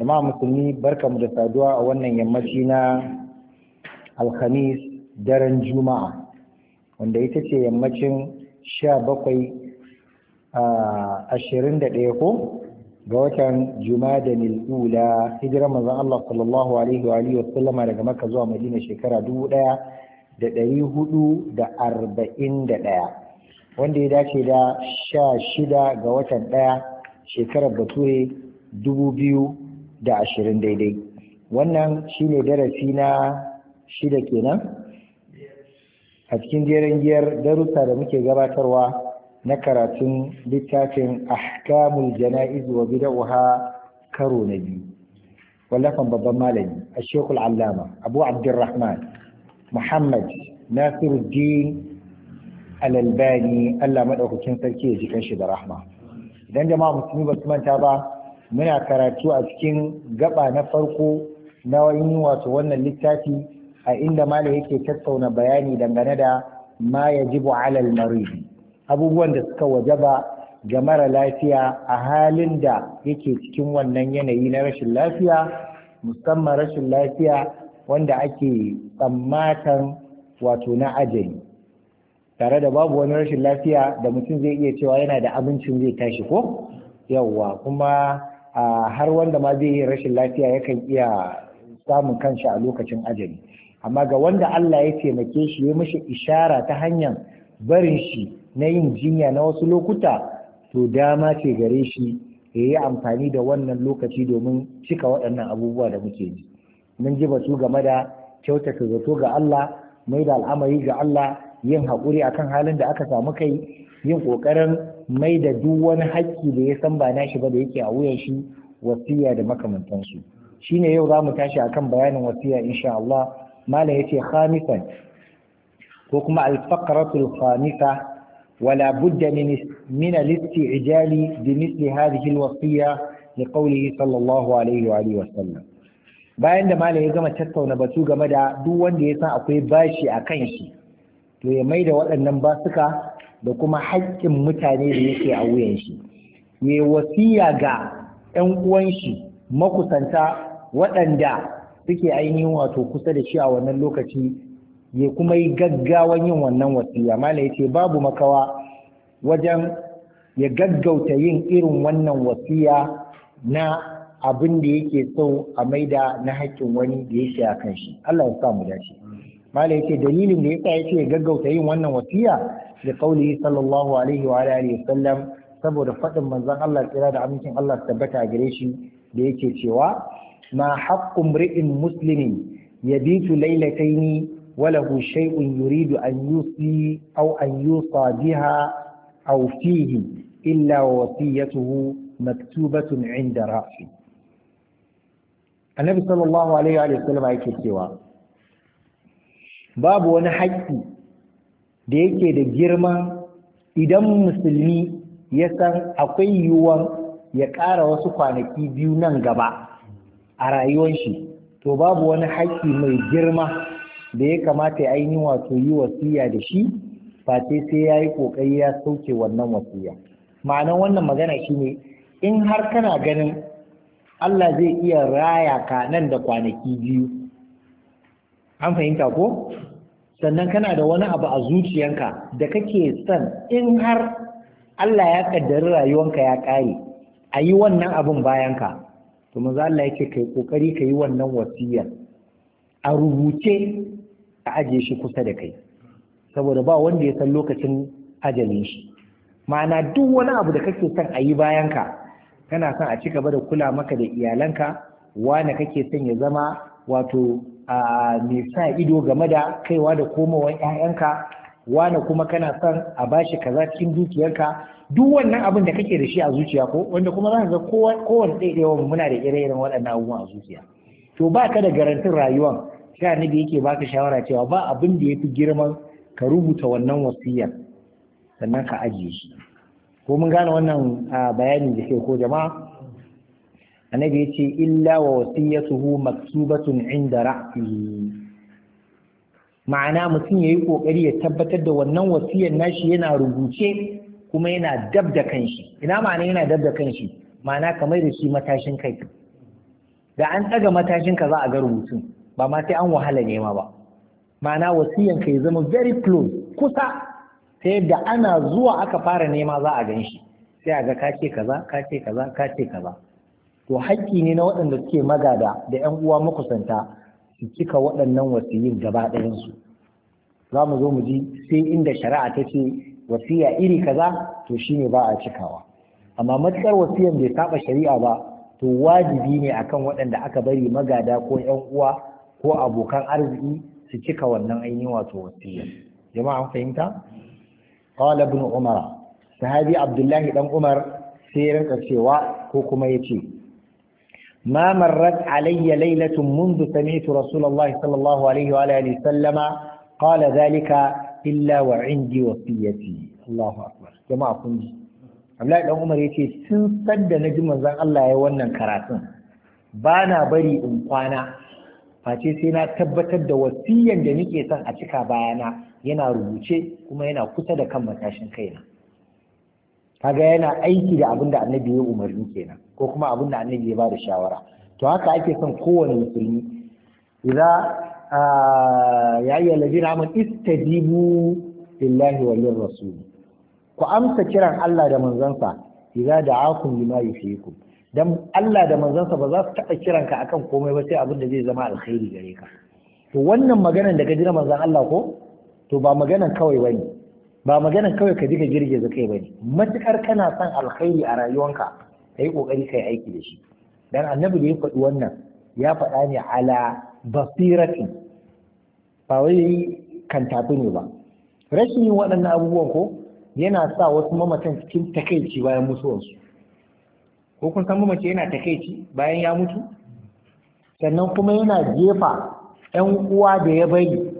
imam musulmi barka mu da saduwa a wannan yammaci na alhamis daren juma'a wanda ita ce yammacin sha bakwai ashirin da ɗaya ko ga watan juma'a da hijirar manzon Allah sallallahu alaihi wa alihi wasallama daga maka zuwa madina shekara dubu ɗaya da ɗari hudu da arba'in da ɗaya wanda ya dace da sha shida ga watan ɗaya shekarar bature dubu biyu da ashirin daidai wannan shine darasi na shida kenan a cikin jerin giyar darussa da muke gabatarwa na karatun littafin ahkamul jana'iz wa bid'uha karo na biyu wallafan babban malami a shekul allama abu abdurrahman muhammad nasiruddin alalbani allah maɗaukakin sarki ya ji kanshi da rahma idan jama'a musulmi ba su manta ba muna karatu a cikin gaba na farko na wani wato wannan littafi a inda mala yake tattauna bayani dangane da ma jibu alal maridi abubuwan da suka wajaba ga mara lafiya a halin da yake cikin wannan yanayi na rashin lafiya musamman rashin lafiya wanda ake tsammatan wato na ajali tare da babu wani rashin lafiya da mutum zai iya cewa yana da abincin zai tashi ko yawwa kuma har wanda ma zai yi rashin lafiya yakan iya samun kanshi a lokacin ajali amma ga wanda Allah ya taimake shi ya mishi ishara ta hanyar barin shi na yin jinya na wasu lokuta to dama ce gare shi ya yi amfani da wannan lokaci domin cika waɗannan abubuwa da muke ji mun ji batu game da kyautata zato ga Allah mai da al'amari ga Allah yin haƙuri akan halin da aka samu kai yin ƙoƙarin mai da duk wani haƙƙi da ya san ba shi ba da yake a wuyan shi wasiya da makamantansu shine yau za mu tashi akan bayanin wasiya insha Allah malam yace khamisan ko kuma al-faqratul khamisa wala budda min min al-isti'jali bi mithli hadhihi al-wasiya li qawlihi sallallahu wa alihi wa sallam bayan da malam ya gama tattauna batu game da duk wanda ya san akwai bashi a kan shi to ya mai da waɗannan basuka da kuma haƙƙin mutane da yake a wuyan shi ya wasiya ga 'yan uwan shi makusanta waɗanda suke ainihin wato kusa da shi a wannan lokaci ya kuma yi gaggawan yin wannan wasiya malai ce babu makawa wajen ya gaggauta yin irin wannan wasiya na abin da yake so a maida na haƙƙin wani da yake a kan shi Allah ya sa mu dace ya ce dalilin da yasa yace gaggauta yin wannan wasiya da qaulihi sallallahu alaihi wa alihi saboda faɗin manzon Allah tsira da amincin Allah tabbata gare shi da yake cewa ma haqqu mri'in muslimin yabitu laylataini wa lahu shay'un yuridu an yusi aw an yusa biha aw fihi illa wasiyatuhu maktubatun inda rafi annabi sallallahu alaihi wa sallam yake cewa babu wani haƙƙi da yake da girma idan musulmi ya san akwai yiwuwan ya ƙara wasu kwanaki biyu nan gaba a rayuwar shi to babu wani haƙƙi mai girma da ya kamata ya yi wato yi wasiya da shi ba sai ya yi ƙoƙari ya sauke wannan wasiya ma'anan wannan magana shi ne in har kana ganin Allah zai iya raya ka nan da kwanaki biyu an fahimta ko sannan kana da wani abu a zuciyanka da kake son in har Allah ya kaddari rayuwanka ya ƙare a yi wannan abin bayanka to manzo Allah yake kai kokari ka yi wannan wasiyar a rubuce a aje shi kusa da kai saboda ba wanda ya san lokacin ajalin shi ma'ana duk wani abu da kake son a yi bayanka kana son a ci gaba da kula maka da iyalanka wane kake son ya zama wato mai sa ido game da kaiwa da komowar 'ya'yanka wane kuma kana son a bashi kaza cikin dukiyarka duk wannan abin da kake da shi a zuciya ko wanda kuma za ka ga kowane ɗaya muna da ire-iren waɗannan abubuwan a zuciya to ba ka da garantin rayuwan sai da yake baka shawara cewa ba abin da ya fi girman ka rubuta wannan wasiyar sannan ka ajiye shi ko mun gane wannan bayani da ke ko jama'a annabi ya ce illa wa wasiyatuhu maktubatun inda ra'sihi ma'ana mutum yayi kokari ya tabbatar da wannan wasiyar nashi yana rubuce kuma yana dab da kanshi ina ma'ana yana dab da kanshi ma'ana kamar da shi matashin kai da an tsaga matashin ka za a ga rubutun ba ma sai an wahala nema ba ma'ana wasiyan ka ya zama very close kusa ta yadda ana zuwa aka fara nema za a gan shi sai a ga kace kaza kace kaza kace kaza to haƙƙi ne na waɗanda suke magada da ƴan uwa makusanta su cika waɗannan wasiyin gaba ɗayansu za mu zo mu ji sai inda shari'a ta ce wasiya iri kaza to shine ba a cikawa amma matuƙar wasiyan bai saba shari'a ba to wajibi ne akan waɗanda aka bari magada ko ƴan uwa ko abokan arziki su cika wannan ainihin wato wasiyan jama'a an fahimta qala ibn umar sahabi abdullahi dan umar sai ya rinka cewa ko kuma yace ما مرت علي ليلة منذ سمعت رسول الله صلى الله عليه وآله وسلم قال ذلك إلا وعندي وصيتي الله أكبر جماعة كنجي Abdullahi dan Umar yace tun sanda na ji manzon Allah ya wannan karatun ba na bari in kwana face sai na tabbatar da wasiyan da nake son a cika bayana yana rubuce kuma yana kusa da kan matashin kaina kaga yana aiki da abin da annabi ya umarni kenan ko kuma abin da annabi ya ba da shawara to haka ake son kowane musulmi idza ya ayyuhal ladina amanu istajibu lillahi wa lirrasul ku amsa kiran Allah da manzansa idza da'akum lima ku. dan Allah da manzansa ba za su taɓa kiran ka akan komai ba sai abin da zai zama alkhairi gare ka to wannan maganar da ka ji manzan Allah ko to ba maganar kawai bane ba magana kawai ka ji ka girgiza kai bane matukar kana son alkhairi a rayuwanka kai kokari kai aiki da shi dan annabi da ya faɗi wannan ya faɗa ne ala basiratin ba wai kan tafi ne ba rashin yin waɗannan abubuwan ko yana sa wasu mamatan cikin takaici bayan mutuwarsu ko kun san mamace yana takaici bayan ya mutu sannan kuma yana jefa 'yan uwa da ya bari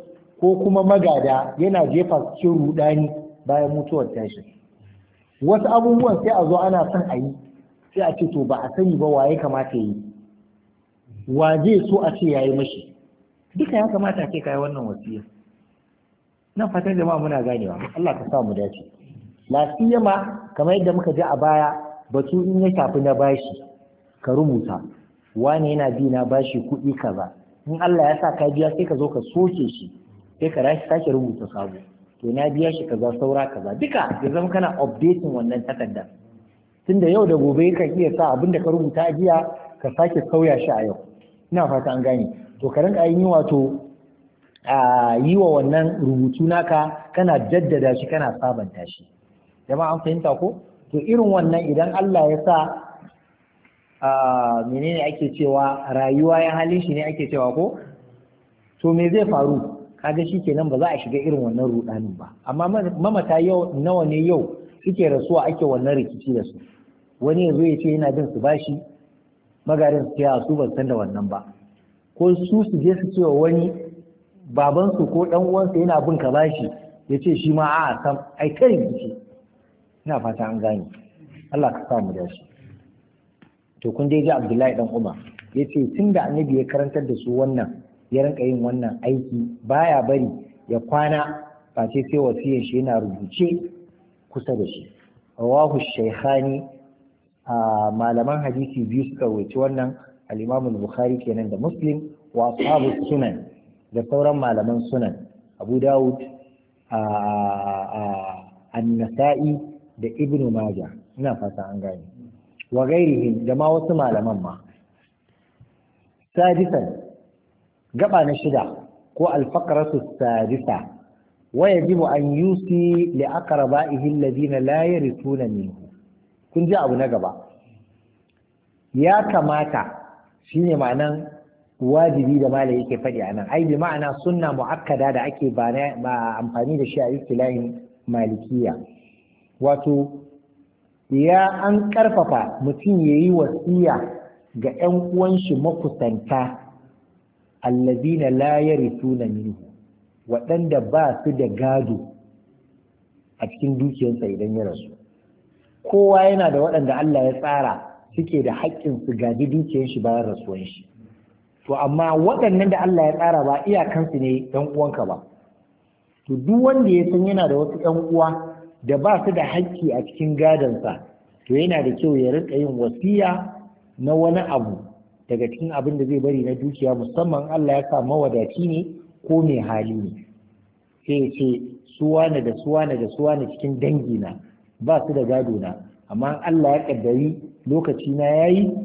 ko kuma magada yana jefa cikin rudani bayan mutuwar tashi wasu abubuwan sai a zo ana son a yi sai a ce to ba a sani ba waye kamata yi wa zai so a ce yayi mashi duka ya kamata ke kai wannan wasiya na fatan jama'a muna ganewa Allah ka sa mu dace lafiya ma kamar yadda muka ji a baya batu in ya shafi na bashi ka rubuta wane yana bi na bashi kuɗi kaza in Allah ya sa ka biya sai ka zo ka soke shi sai ka rashi sake rubuta sabo to na biya shi kaza saura kaza duka ya zama kana updating wannan takardar tunda yau da gobe ka iya sa abin da ka rubuta jiya ka sake sauya shi a yau ina fata an gane to ka rinka yin wato a yi wa wannan rubutu naka kana jaddada shi kana sabanta shi jama'a an fahimta ko to irin wannan idan Allah ya sa a menene ake cewa rayuwa ya halin shi ne ake cewa ko to me zai faru kaga shi kenan ba za a shiga irin wannan rudanin ba amma mamata yau nawa ne yau suke rasuwa ake wannan rikici da su wani yazo ya ce yana bin su bashi magarin su ya su ban san da wannan ba ko su su je su ce wani baban su ko dan uwansa yana bin ka bashi ya ce shi ma a'a sam ai kai rikici ina fata an gane Allah ka sa mu da shi to kun dai ji Abdullahi dan Umar yace tunda annabi ya karantar da su wannan ya rinka yin wannan aiki baya bari ya kwana face sai wasiyar shi yana rubuce kusa da shi rawahu shaykhani a malaman hadisi biyu suka wuce wannan al-imam al-bukhari kenan da muslim wa ashabu sunan da sauran malaman sunan abu dawud an-nasa'i da ibnu majah ina fata an gane wa gairihim da ma wasu malaman ma sadisan gaba na shida ko alfakaratu sadisa ji yajibu an yusi li aqrabaihi alladhina la yarithuna minhu kun ji abu na gaba ya kamata shine ma'anan wajibi da mala yake faɗi a nan ai bi ma'ana sunna mu'akkada da ake ba amfani da shi a istilahin malikiya wato ya an karfafa mutum ya yi wasiya ga 'yan uwan shi makusanta allazina la yarithuna minhu waɗanda ba su da gado a cikin dukiyarsa idan ya rasu kowa yana da waɗanda Allah ya tsara suke da haƙƙin su gadi dukiyar shi bayan rasuwan shi to amma waɗannan da Allah ya tsara ba iyakansu ne ɗan uwanka ba to duk wanda ya san yana da wasu ɗan uwa da ba su da haƙƙi a cikin gadonsa to yana da kyau ya rika yin wasiya na wani abu daga cikin abin da zai bari na dukiya musamman Allah ya sa mawadaci ne ko mai hali ne sai ya ce suwane da suwane da suwane cikin dangi na ba su da gado na amma Allah ya kaddari lokaci na yayi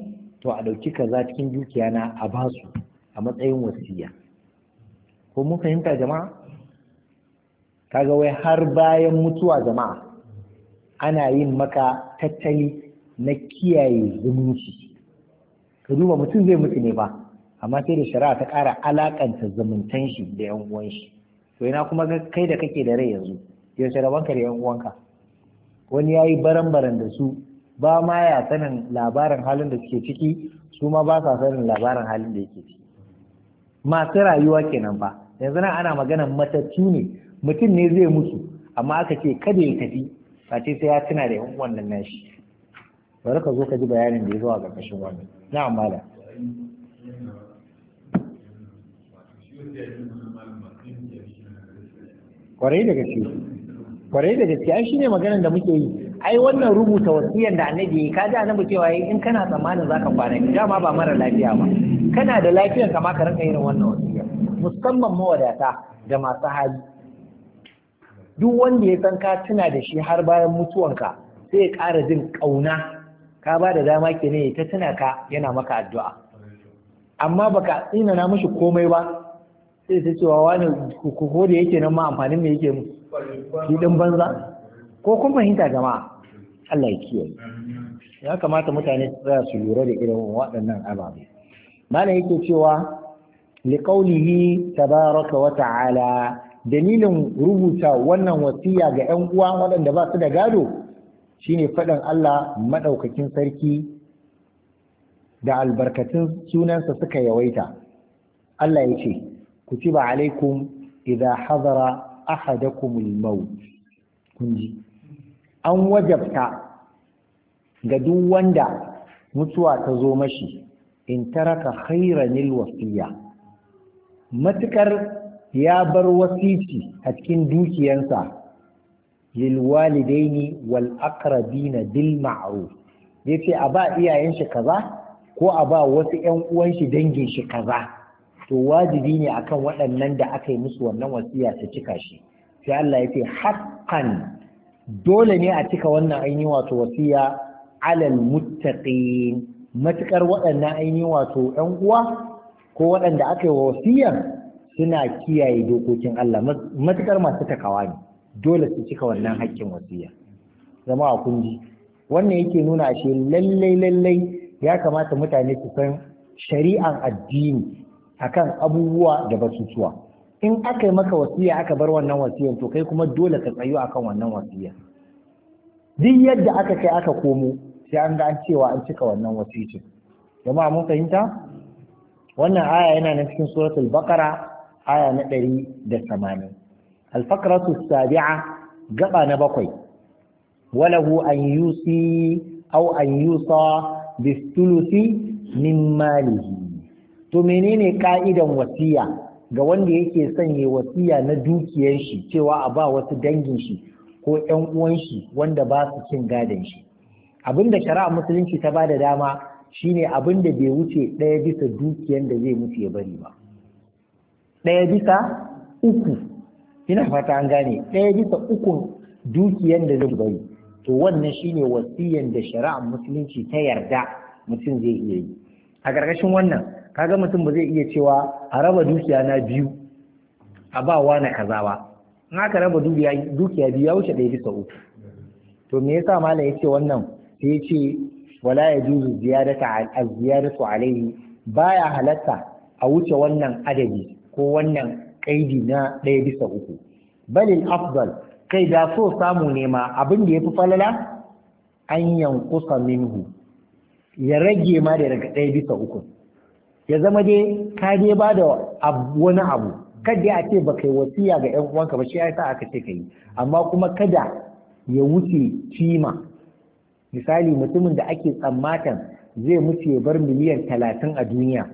to a dauki kaza cikin dukiya na a ba su a matsayin wasiya ko mun fahimta jama'a kaga wai har bayan mutuwa jama'a ana yin maka tattali na kiyaye zumunci ka duba mutum zai mutu ne ba amma sai da shari'a ta ƙara alakanta zumuntan shi da yan uwan shi to ina kuma kai da kake da rai yanzu yaushe rabanka da yan uwanka wani yayi baran-baran da su ba ma ya sanin labarin halin da suke ciki su ma ba sa sanin labarin halin da yake ciki masu rayuwa kenan ba yanzu nan ana magana matattu ne mutum ne zai mutu amma aka ce kada ya tafi face sai ya tuna da yan uwan nan nashi bari ka zo ka ji bayanin da ya zo a ƙarƙashin wannan na'am malam kwarai da gaske kwarai da gaske ai shine maganar da muke yi ai wannan rubuta wasiyar da annabi ka ji annabi cewa in kana tsammanin zaka kwana ki dama ba mara lafiya ba kana da lafiyar kama ka rinka irin wannan wasiyar? musamman mawadata da masu hali duk wanda ya san ka tuna da shi har bayan mutuwanka sai ya ƙara jin ƙauna ka ba da dama ke ne ta tuna ka yana maka addu'a amma baka tsina na mishi komai ba sai ta cewa wani ko da yake nan ma amfanin ne yake mu banza ko kun fahimta jama'a Allah ya kiyaye ya kamata mutane su su lura da irin waɗannan ababe malam yake cewa liqaulihi tabaraka wa ta'ala dalilin rubuta wannan wasiya ga 'yan uwa waɗanda ba su da gado shine faɗin Allah maɗaukakin sarki da albarkatun sunansa suka yawaita Allah ya ce kutiba alaikum idza hadara ahadakumul maut kunji an wajabta ga duk wanda mutuwa ta zo mashi in taraka khairanil wasiya matukar ya bar wasici a cikin dukiyansa lilwalidaini wal aqrabina bil ma'ruf yace a ba iyayen shi kaza ko a ba wasu ƴan uwan shi dangin shi kaza to wajibi ne akan waɗannan da aka yi musu wannan wasiya su cika shi sai Allah yace haqqan dole ne a cika wannan ainihin wato wasiya alal muttaqin matukar waɗannan ainihin wato ƴan uwa ko waɗanda aka yi wasiyar suna kiyaye dokokin Allah matukar masu takawa ne dole su cika wannan hakkin wasiya zama a kunji wannan yake nuna ashe lallai lallai ya kamata mutane su san shari'an addini akan abubuwa da batutuwa in aka yi maka wasiya aka bar wannan wasiyan to kai kuma dole ka tsayu akan wannan wasiya duk yadda aka kai aka komo sai an ga an cewa an cika wannan wasiyan jama'a mun fahimta wannan aya yana na cikin suratul baqara aya na ɗari da tamanin alfakratu sabi'a gaba na bakwai walahu an yusi au an yusa bisulusi min malihi to menene ka'idan wasiya ga wanda yake sanye wasiya na dukiyar shi cewa a ba wasu dangin shi ko ƴan uwan shi wanda ba su cin gadon shi abinda shari'a musulunci ta bada dama shine abin da bai wuce ɗaya bisa dukiyar da zai mutu ya bari ba ɗaya bisa uku ina fata an gane ɗaya bisa uku dukiyan da zai bari to wannan shine wasiyan da shari'ar musulunci ta yarda mutum zai iya yi a ƙarƙashin wannan kaga mutum ba zai iya cewa a raba dukiya na biyu a ba wa na kaza ba in aka raba dukiya biyu ya wuce ɗaya bisa uku to me yasa malam ya ce wannan sai ya ce wala ya juzu ziyarata az alaihi baya halatta a wuce wannan adadi ko wannan kaidi na ɗaya bisa uku balil afdal kai da so samu ne ma abin da ya fi falala an yankusa minhu ya rage ma da daga ɗaya bisa uku ya zama dai ka dai ba da wani abu kada a ce ba kai wasiya ga 'yan uwanka ba shi ya sa aka ce ka yi amma kuma kada ya wuce kima misali mutumin da ake tsammatan zai mutu ya bar miliyan talatin a duniya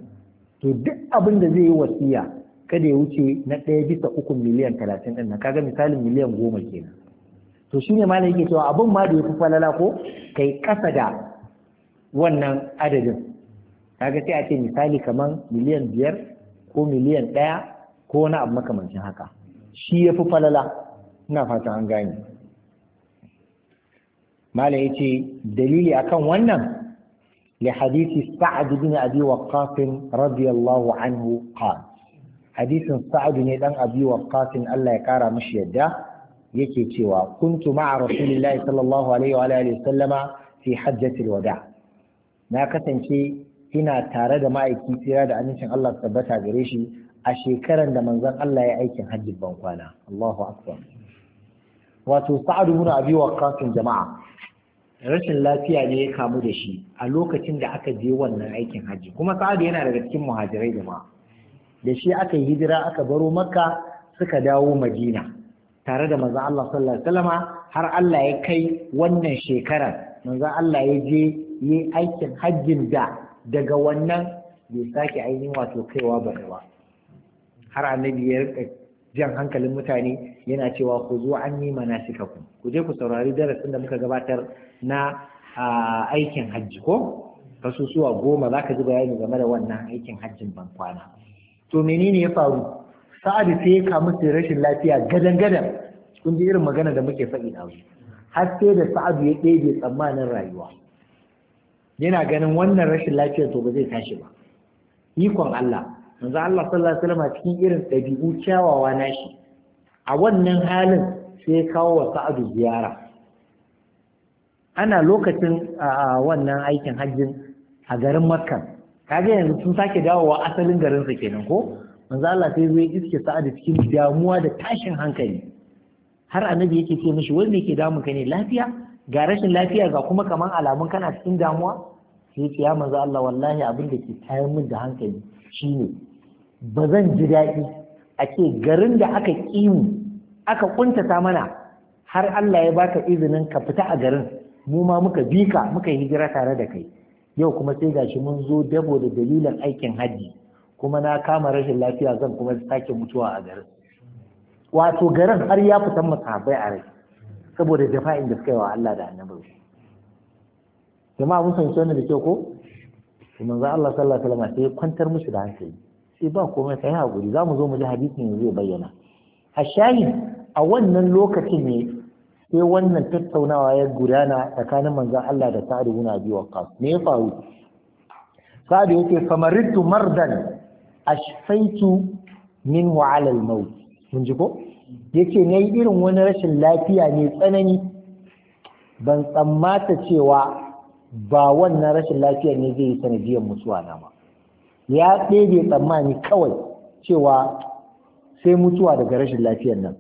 to duk abin da zai yi wasiya kada ya wuce na ɗaya bisa uku miliyan talatin ɗin nan kaga misalin miliyan goma kenan to shi ne malam yake cewa abin ma da ya fi falala ko kai ƙasa da wannan adadin kaga sai a ce misali kamar miliyan biyar ko miliyan ɗaya ko wani abu makamancin haka shi ya fi falala ina fata an gane malam ya ce dalili akan wannan لحديث سعد بن أبي وقاص رضي الله عنه قال hadisin sa'adu ne dan abi waqqasin Allah ya kara mishi yadda yake cewa kuntu ma'a rasulillahi sallallahu alaihi wa alihi sallama fi hajjatil wada na kasance ina tare da ma'aiki tsira da amincin Allah tabbata gare shi a shekaran da manzon Allah ya aikin hajjin ban Allahu akbar wato sa'adu ibn abi waqqasin jama'a rashin lafiya ne ya kamu da shi a lokacin da aka je wannan aikin hajji kuma sa'adu yana daga cikin muhajirai jama'a da shi aka yi hijira aka baro makka suka dawo madina tare da manzo Allah sallallahu alaihi wasallama har Allah ya kai wannan shekarar manzo Allah ya je yi aikin hajjin da daga wannan bai sake ainihin wato kaiwa bare ba har annabi ya rika jan hankalin mutane yana cewa ku zo an yi manasikaku ku je ku saurari darasin da muka gabatar na aikin hajji ko kasusuwa goma za ka ji bayani game da wannan aikin hajjin ban kwana to menene ya faru sa'ad sai ya kamu da rashin lafiya gadan gadan kun ji irin magana da muke faɗi na har sai da sa'ad ya ɗebe tsammanin rayuwa yana ganin wannan rashin lafiyar to ba zai tashi ba ikon Allah manzo Allah sallallahu alaihi wasallam cikin irin ɗabi'u kyawawa nashi a wannan halin sai ya kawo wa sa'adu ziyara ana lokacin wannan aikin hajjin a garin makka Ka kaga yanzu sun sake dawowa asalin garinsa kenan ko manzo Allah sai zai iske da cikin damuwa da tashin hankali har annabi yake ce mishi wani yake damun ka ne lafiya ga rashin lafiya ga kuma kaman alamun kana cikin damuwa sai ce ya manzo Allah wallahi abin da ke tayar min da hankali shine ba zan ji daɗi a ce garin da aka ƙimu aka kuntata mana har Allah ya baka izinin ka fita a garin mu ma muka bi ka muka hijira tare da kai yau kuma sai gashi mun zo dabo da dalilan aikin haji kuma na kama rashin lafiya zan kuma sake mutuwa a garin wato garin har ya fitan masahabai a rai saboda jafa'in da suka yi wa Allah da annabi jama'a mun san wannan da kyau ko kuma manzo Allah sallallahu alaihi wasallam sai kwantar musu da hankali sai ba komai sai hakuri zamu zo mu ji hadisin yanzu ya bayyana a shayin a wannan lokacin ne sai wannan tattaunawa ya gudana tsakanin manzon Allah da Sa'ad ibn Abi Waqqas me ya faru Sa'ad yake famaritu mardan ashfaitu minhu ala al-maut mun ji ko yace nayi irin wani rashin lafiya ne tsanani ban tsammata cewa ba wannan rashin lafiyar ne zai yi sanadiyar mutuwa na ba ya ɗebe tsammani kawai cewa sai mutuwa daga rashin lafiyar nan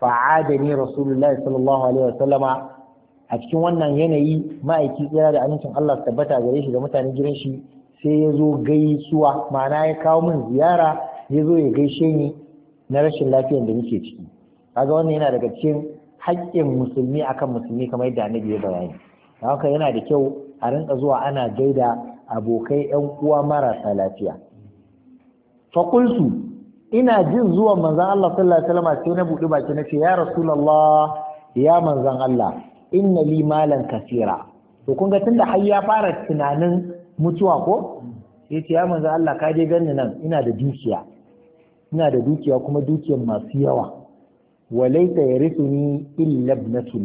fa'adani rasulullahi sallallahu alaihi sallama a cikin wannan yanayi ma'aiki tsira da amincin Allah tabbata gare shi da mutanen gidan shi sai ya zo gaisuwa ma'ana ya kawo min ziyara ya zo ya gaishe ni na rashin lafiyar da muke ciki kaga wannan yana daga cikin haƙƙin musulmi akan musulmi kamar yadda annabi ya bayani don haka yana da kyau a rinka zuwa ana gaida abokai yan uwa marasa lafiya fakultu ina jin zuwan manzan Allah sallallahu alaihi wasallam sai na buɗi baki na ce ya rasulullah ya manzan Allah inna li malan kasira to kun ga tunda har ya fara tunanin mutuwa ko sai ce ya manzan Allah ka je ganni nan ina da dukiya ina da dukiya kuma dukiyar masu yawa walaita yarithuni illa ibnatul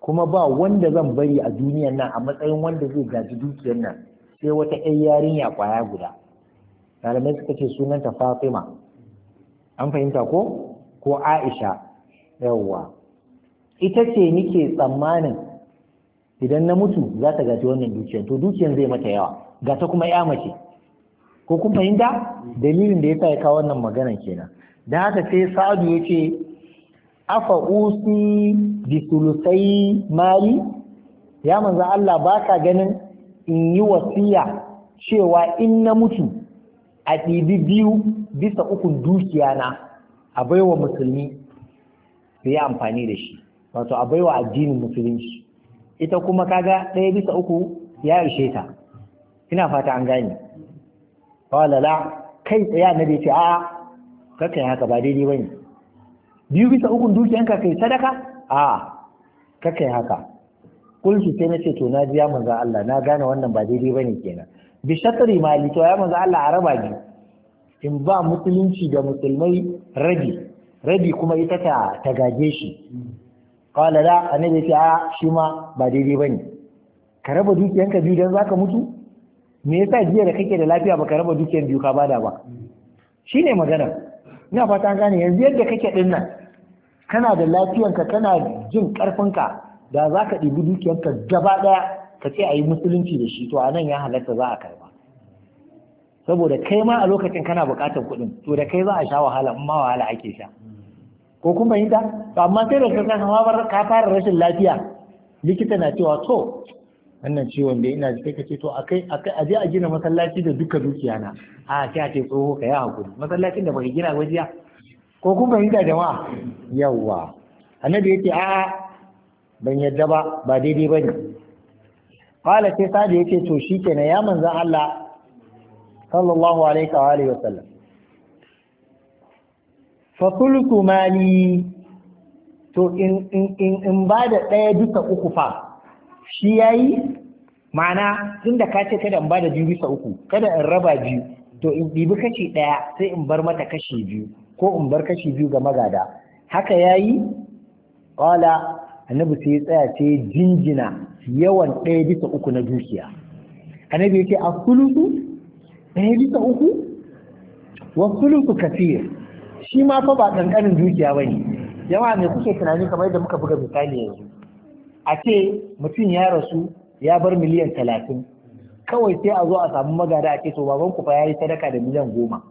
kuma ba wanda zan bari a duniyar nan a matsayin wanda zai gaji dukiyar nan sai wata ƴan yarinya kwaya guda malamai suka ce sunanta fatima an fahimta ko ko aisha yawwa ita ce nike tsammanin idan na mutu za ta gaji wannan dukiyar to dukiyar zai mata yawa ga ta kuma ya mace ko kun fahimta dalilin da ya sa ya kawo wannan magana kenan da haka sai sa'adu ya ce afa usi bi sulusai mali ya manzo Allah ba ka ganin in yi wasiya cewa in na mutu a ɗibi biyu bisa ukun dukiya na a baiwa musulmi su yi amfani da shi wato a baiwa addinin musulunci ita kuma kaga ɗaya bisa uku ya ishe ta ina fata an gane walala kai tsaye annabi ce a kakai haka ba daidai bane biyu bisa ukun ka kai sadaka a kakai haka kulki sai na ce to na ji ya manzo Allah na gane wannan ba daidai bane kenan bi shatri mali to ya manzo Allah a raba biyu in ba musulunci da musulmai rabi rabi kuma ita ta ta shi qala la annabi ce a shi ma ba daidai bane ka raba dukiyanka biyu dan zaka mutu me yasa jiya da kake da lafiya baka raba dukiyan biyu ka bada ba shine magana ina fata gane yanzu yadda kake din nan kana da lafiyanka kana jin karfinka da zaka ɗibi dukiyanka gaba ɗaya ka ce a yi musulunci da shi to a nan ya halatta za a karba saboda kai ma a lokacin kana buƙatar kuɗin to da kai za a sha wahala in ma wahala ake sha ko kun fahimta to amma sai da kama kamar ka fara rashin lafiya likita na cewa to wannan ciwon da ina sai ka ce to akai akai aje a gina masallaci da duka dukiya na a sai a ce tsoho ka yi hakuri masallacin da baka gina wajiya ko kun fahimta jama'a yawwa annabi yake a ban yadda ba ba daidai bane Kala sai da ya ce to shi na ya manzan Allah sallallahu alaihi wa alihi wasallam. mali to in ba da ɗaya bisa uku fa shi yayi ma'ana tunda ka ce kada in ba da biyu bisa uku kada in raba biyu to in ɗibi kashi ɗaya sai in bar mata kashi biyu ko in bar kashi biyu ga magada haka yayi wala annabi sai ya tsaya sai jinjina yawan ɗaya bisa uku na dukiya annabi yake a sulusu ɗaya bisa uku wa sulusu kafir shi ma fa ba ƙanƙanin dukiya ba ne jama'a mai kuke tunani kamar yadda muka buga misali yanzu a ce mutum ya rasu ya bar miliyan talatin kawai sai a zo a samu magada a ce to baban ku fa yi sadaka da miliyan goma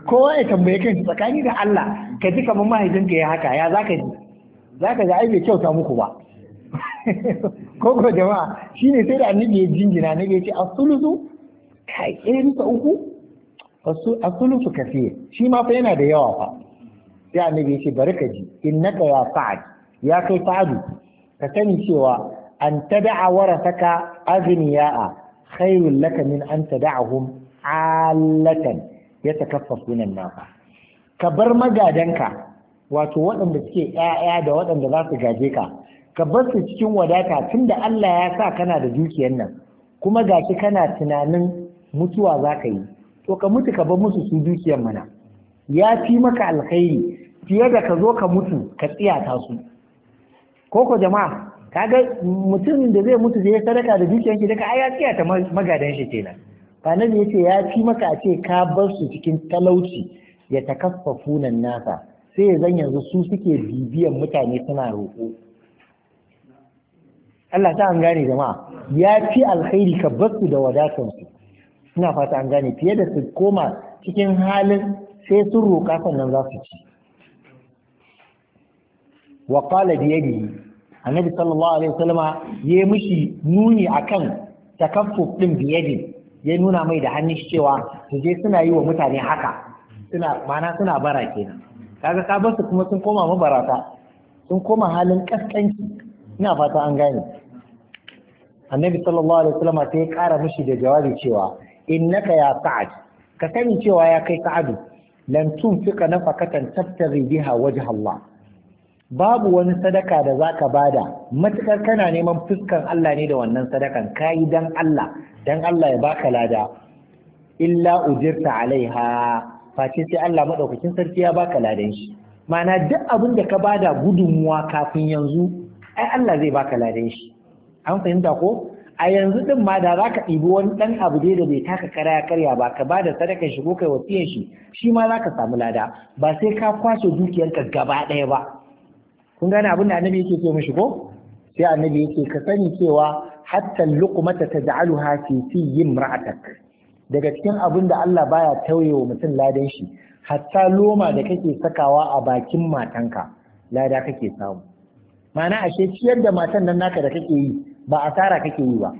kowa ya tambaye kan tsakani da Allah ka ji kamar mahaifinka ya haka ya zaka ji zaka ji ai bai kyauta muku ba koko jama'a shi ne sai da annabi ya jinjina annabi ce a sulusu kai ɗaya bisa uku ka kafiye shi ma fa yana da yawa fa sai annabi ya ce bari ka ji innaka ya sa'ad ya kai sa'adu ka sani cewa an ta wara saka azniya'a khairul laka min an ta tada'ahum allatan yatakaffafuna nafa ka bar magadanka wato waɗanda suke ƴaƴa da waɗanda za su gaje ka ka bar su cikin wadata tunda Allah ya sa kana da dukiyar nan kuma gaki kana tunanin mutuwa za ka yi to ka mutu ka bar musu su dukiyar mana ya fi maka alkhairi fiye da ka zo ka mutu ka tsiyata su ko ko jama'a kaga mutumin da zai mutu zai sadaka da dukiyar shi daga ya tsiyata magadan shi kenan ba nan yace ya fi maka a ce ka bar su cikin talauci ya takaffafu nan nasa sai ya zan yanzu su suke bibiyan mutane suna roƙo Allah ta an gane jama'a ya fi alkhairi ka basu da wadatar su ina fata an gane fiye da su koma cikin halin sai sun roƙa sannan za su ci wa qala bi yadihi annabi sallallahu alaihi wasallama ya mishi nuni akan takaffuf din bi yadi ya nuna mai da hannu cewa su je suna yi wa mutane haka suna mana suna bara kenan kaga ka basu kuma sun koma mabarata sun koma halin kaskanci ina fata an gane annabi sallallahu alaihi wasallam sai ya kara mishi da jawabi cewa innaka ya sa'ad ka sani cewa ya kai sa'adu lan tunfika nafakatan tabtaghi biha wajh Allah babu wani sadaka da zaka bada matukar kana neman fuskan Allah ne da wannan sadakan kai dan Allah dan Allah ya baka lada illa ujirta alaiha face sai Allah madaukakin sarki ya baka ladan shi ma'ana duk abin da ka bada gudunmuwa kafin yanzu ai Allah zai baka ladan shi an fahimta ko a yanzu din ma da zaka ɗibi wani ɗan abu dai da bai taka kara ya karya ba ka bada sadaka shi ko kai wasiyar shi shi ma zaka samu lada ba sai ka kwashe dukiyarka gaba ɗaya ba kun gane abin da annabi yake ce mishi ko sai annabi yake ka sani cewa hatta luqmata taj'aluha fi siyyin imra'atak daga cikin abin da Allah baya tauye wa mutum ladan shi hatta loma da kake sakawa a bakin matanka lada kake samu ma'ana ashe ciyar da matan nan naka da kake yi ba asara kake yi ba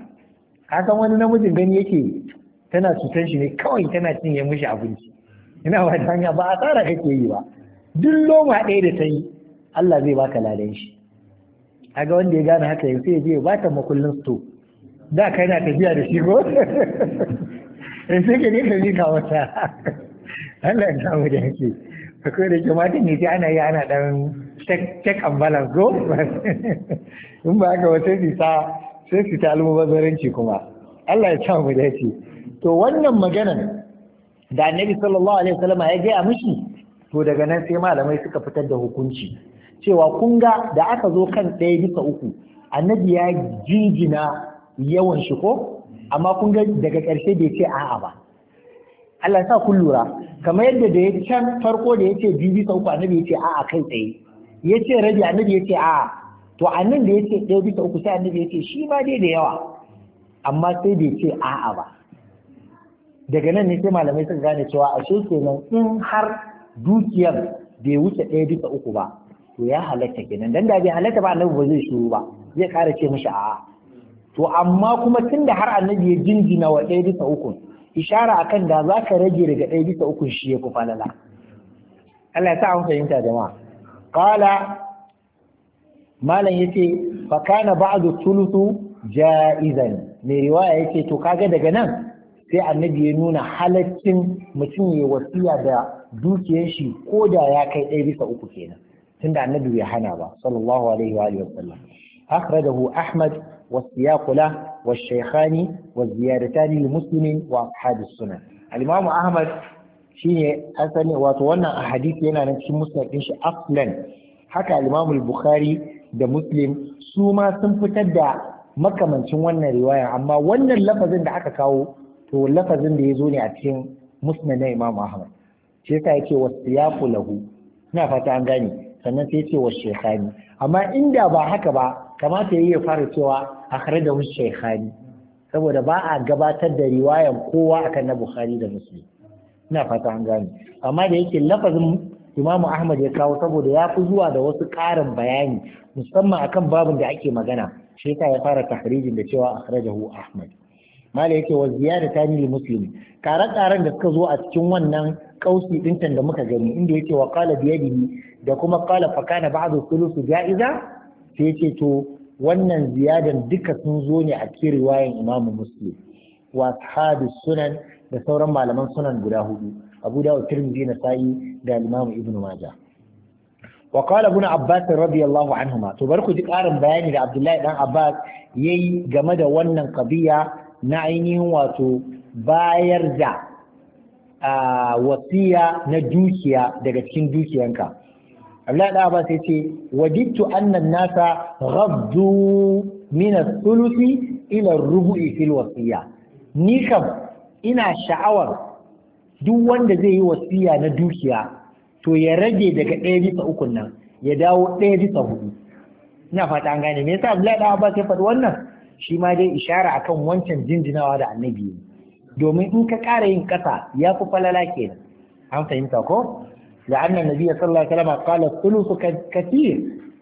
ka wani namijin gani yake tana cutar shi ne kawai tana cinye mishi abinci ina ba hanya ba asara kake yi ba duk loma ɗaya da ta yi Allah zai baka ladan shi kaga wanda ya gane haka sai ya je ba ta makullin sto da kai na tafiya da shi ko in sai ka ne ka zika wata Allah ya samu da yake akwai da ke ne sai ana yi ana ɗan check and balance go in ba haka wata fita sai fita almubazzaranci kuma Allah ya sa mu da ce. to wannan maganar da annabi sallallahu alaihi wasallam ya gaya mishi to daga nan sai malamai suka fitar da hukunci cewa kun ga da aka zo kan ɗaya bisa uku annabi ya jingina yawan shi ko amma kun ga daga ƙarshe bai ce a'a ba Allah sa kun lura kamar yadda da ya can farko da ya ce biyu bisa uku annabi ya ce a'a kai tsaye ya ce rabi annabi ya ce a to annan da ya ce ɗaya bisa uku sai annabi ya ce shi ma dai da yawa amma sai bai ce a'a ba daga nan ne sai malamai suka gane cewa a ashe kenan in har dukiyar bai wuce ɗaya bisa uku ba to ya halatta kenan dan da bai halatta ba annabi ba zai shiru ba zai ƙara ce mishi a'a to amma kuma tun da har annabi ya jinjina wa ɗaya bisa uku ishara akan da za ka rage daga ɗaya bisa uku shi ya fi falala Allah ya sa an fahimta jama'a qala malam yace fa kana ba'du thuluthu ja'izan mai riwaya yace to kaga daga nan sai annabi ya nuna halaccin mutum ya wasiya da dukiyar shi ko da ya kai ɗaya bisa uku kenan tunda annabi ya hana ba sallallahu alaihi wa alihi wasallam akhrajahu ahmad والسياق له والشيخان والزيارتان لمسلم واصحاب السنن الامام احمد shine asali wato wannan a hadisi yana nan cikin musnad shi aflan haka al bukhari da muslim su ma sun fitar da makamancin wannan riwaya amma wannan lafazin da aka kawo to lafazin da ya zo ne a cikin musnad na imam ahmad shi yasa yake wasiyaqu lahu ina fata an gane sannan sai yace wa shaykhani amma inda ba haka ba kamata yayi ya fara cewa da shaykhani saboda ba a gabatar da riwayan kowa akan na bukhari da muslim ina fata an gane amma da yake lafazin imamu ahmad ya kawo saboda ya fi zuwa da wasu ƙarin bayani musamman akan babin da ake magana shi yasa ya fara tahrijin da cewa akhrajahu ahmad mala yake wa ziyada ta ni muslim karan karan da suka zo a cikin wannan kausi dintan da muka gani inda yake wa qala bi da kuma qala fa kana ba'du thuluth ja'iza sai yace to wannan ziyadan duka sun zo ne a cikin riwayan imamu muslim wa ashabi sunan da sauran malaman sunan guda hudu abu wa tirmidhi na sa'i da imam ibnu maja wa qala ibn abbas radiyallahu anhuma to bar ku ji karin bayani da abdullahi dan abbas yayi game da wannan qadiya na ainihin wato bayar da wasiya na dukiya daga cikin dukiyanka abdullahi dan abbas yace wajidtu anna an-nasa ghaddu min ath-thuluthi ila ar-rubu'i fil wasiya ni kam ina sha'awar duk wanda zai yi wasiya na dukiya to ya rage daga ɗaya bisa ukun nan ya dawo ɗaya bisa hudu ina fata an gane me yasa Abdullahi da Abbas ya faɗi wannan shi ma dai ishara akan wancan jinjinawa da annabi ne. domin in ka ƙara yin ƙasa ya fi falala kenan an fahimta ko da annan nabi sallallahu alaihi wasallam qala thuluthu kathir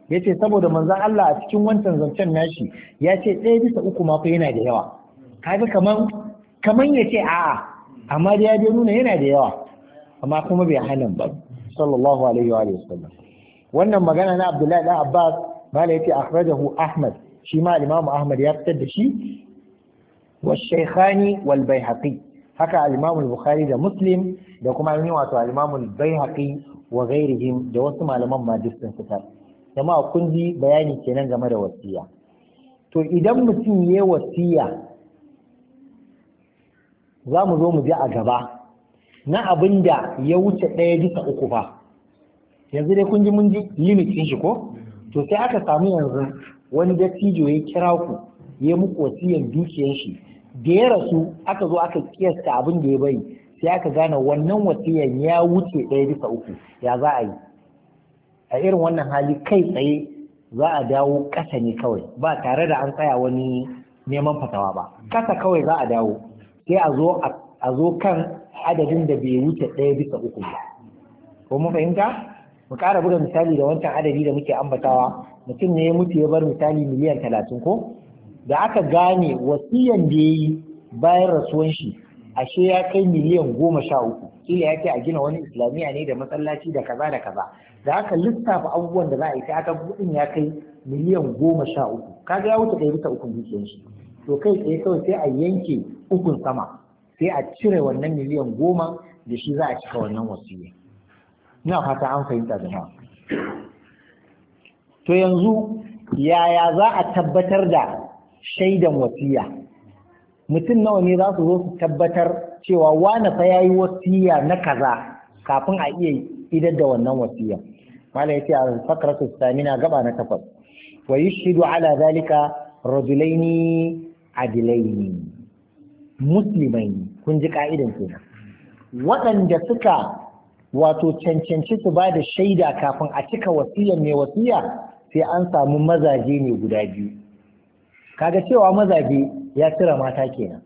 yace saboda manzon Allah a cikin wancan zancen nashi ya ce ɗaya bisa uku ma fa yana da yawa kaga kamar kamar ya ce a'a amma da ya je nuna yana da yawa amma kuma bai hana ba sallallahu alaihi wa sallam wannan magana na Abdullahi da Abbas mala yace akhrajahu Ahmad shi ma Imam Ahmad ya fitar da shi wa Shaykhani wal Baihaqi haka al-Imam al-Bukhari da Muslim da kuma yin wato al-Imam al wa ghairihim da wasu malaman ma duk sun fitar jama'a kun ji bayani kenan game da wasiya to idan mutum yayi wasiya za mu zo mu je a gaba na abin da ya wuce ɗaya bisa uku ba yanzu dai kun ji mun ji limit shi ko to sai aka samu yanzu wani dattijo ya kira ku ya muku wasiyan dukiyar shi da ya rasu aka zo aka kiyasta abin da ya bari sai aka gane wannan wasiyan ya wuce ɗaya bisa uku ya za a yi a irin wannan hali kai tsaye za a dawo ƙasa ne kawai ba tare da an tsaya wani neman fatawa ba ƙasa kawai za a dawo sai a zo a zo kan adadin da bai wuce ɗaya bisa uku ba ko mun fahimta mu ƙara buga misali da wancan adadi da muke ambatawa mutum ne ya mutu ya bar misali miliyan talatin ko da aka gane wasiyan da ya yi bayan rasuwan shi ashe ya kai miliyan goma sha uku kila ya ce a gina wani islamiyya ne da masallaci da kaza da kaza da aka lissafa abubuwan da za a yi sai aka buɗin ya kai miliyan goma sha uku kaga ya wuce ɗaya bisa ukun dukiyan shi to kai tsaye kawai sai a yanke ukun sama sai a cire wannan miliyan goma da shi za a cika wannan wasiya ina fata an fahimta jama'a to yanzu yaya za a tabbatar da shaidan wasiya mutum nawa ne za su zo su tabbatar cewa wane fa yayi wasiya na kaza kafin a iya idar da wannan wasiya mala yace a fakratu samina gaba na takwas wa shido ala zalika rajulaini adilaini muslimai kun ji ka'idan kenan waɗanda suka wato cancanci su ba da shaida kafin a cika wasiyan mai wasiya sai an samu mazaje ne guda biyu kaga cewa mazaje ya cire mata kenan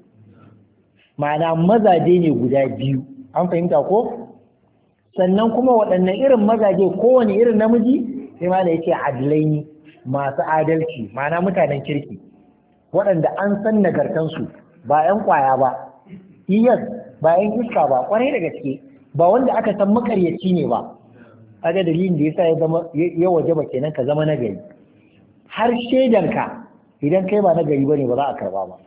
ma'ana mazaje ne guda biyu an fahimta ko sannan kuma waɗannan irin mazaje kowane irin namiji sai ma da yake adilai masu adalci ma'ana mutanen kirki waɗanda an san nagartansu ba 'yan kwaya ba Iyar ba 'yan iska ba ƙwarai daga gaske ba wanda aka san makaryaci ne ba ga dalilin da yasa ya zama ya waje ba kenan ka zama nagari har shaidanka idan kai ba nagari bane ba za a karba ba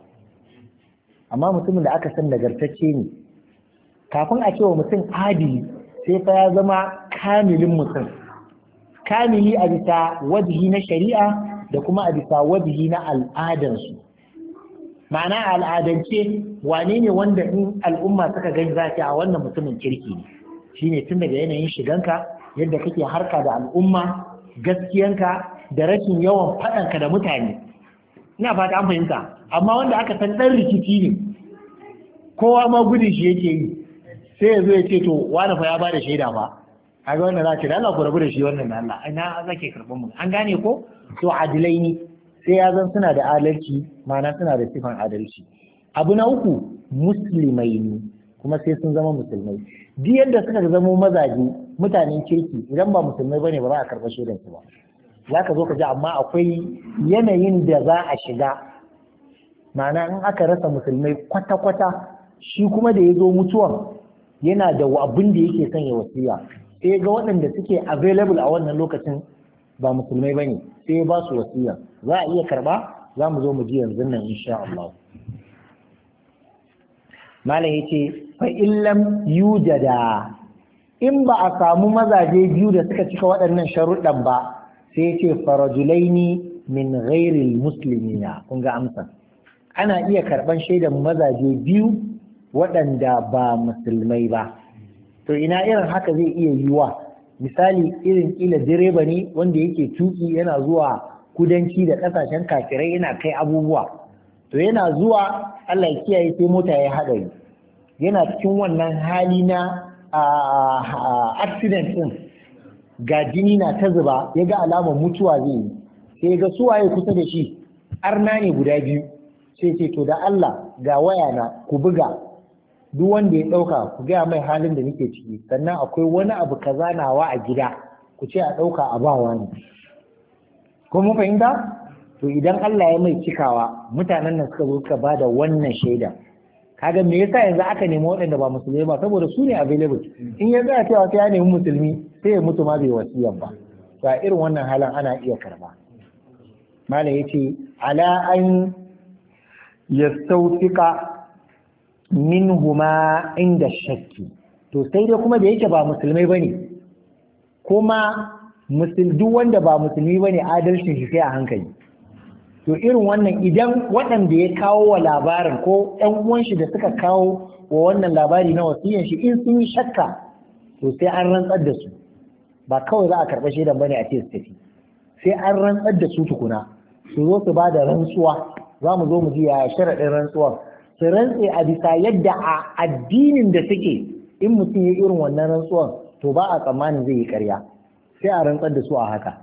amma mutumin da aka san nagartacce ne kafin a cewa mutum adili sai fa ya zama kamilin mutum kamili a bisa wajihi na shari'a da kuma a bisa wabihi na al'adansu ma'ana al'adance wane ne wanda in al'umma suka gani za a wannan mutumin kirki ne shine tun daga yanayin shiganka yadda kake harka da al'umma gaskiyanka da rashin yawan faɗanka da mutane ina fata an fahimta amma wanda aka san ɗan rikici ne kowa ma gudun shi yake yi sai ya zo ya ce to wani fa ya ba da shaida ba kaga wannan za ce da Allah ku rabu da shi wannan da Allah ina zake karban mu an gane ko to adilai ne sai ya zan suna da adalci ma'ana suna da sifan adalci abu na uku musulmai ne kuma sai sun zama musulmai duk yadda suka zama mazaje mutanen kirki idan ba musulmai bane ba za a karɓa shaidan su ba za ka zo ka ji amma akwai yanayin da za a shiga ma'ana in aka rasa musulmai kwata-kwata shi kuma da ya zo mutuwan yana da abin da yake son ya wasiya sai ga waɗanda suke available a wannan lokacin ba musulmai ne sai ba su wasiya za a iya karba za mu zo mu ji yanzu nan insha Allah malam yace fa illam yujada in ba a samu mazaje biyu da suka cika waɗannan sharuɗan ba sai ce farajulaini min ghairil muslimina kun ga amsa ana iya karɓan shaidan mazaje biyu waɗanda ba musulmai ba to ina irin haka zai iya yiwa misali irin kila direba ne wanda yake tuki yana zuwa kudanci da kasashen kafirai yana kai abubuwa to yana zuwa Allah ya kiyaye sai mota ya hadari yana cikin wannan hali na accident din ga jini na ta zuba ya ga alamar mutuwa zai yi sai ga suwaye kusa da shi arna ne guda biyu sai ce to da Allah ga waya na ku buga duk wanda ya ɗauka ku gaya mai halin da nake ciki sannan akwai wani abu ka zanawa a gida ku ce a ɗauka a ba wani ko mu fahimta to idan Allah ya mai cikawa mutanen nan suka zo suka ba da wannan shaida kaga me yasa yanzu aka nemi waɗanda ba musulmi ba saboda su ne available in ya tsaya cewa sai ya nemi musulmi sai ya mutu ma bai wasiyan ba to a irin wannan halin ana iya karba malam yace ala an yastawfiqa huma inda shakki to sai dai kuma da yake ba musulmai bane kuma musul duk wanda ba musulmi bane adalcin shi sai a hankali to irin wannan idan waɗanda ya kawo wa labarin ko ɗan uwan shi da suka kawo wa wannan labari na wasiyan shi in sun yi shakka to sai an rantsar da su ba kawai za a karɓa shaidan bane a ce su tafi sai an rantsar da su tukuna su zo su ba da rantsuwa za mu zo mu ji yaya sharaɗin rantsuwar su rantse a bisa yadda a addinin da suke in mutum ya irin wannan rantsuwan to ba a tsammanin zai yi karya. sai a rantsar da su a haka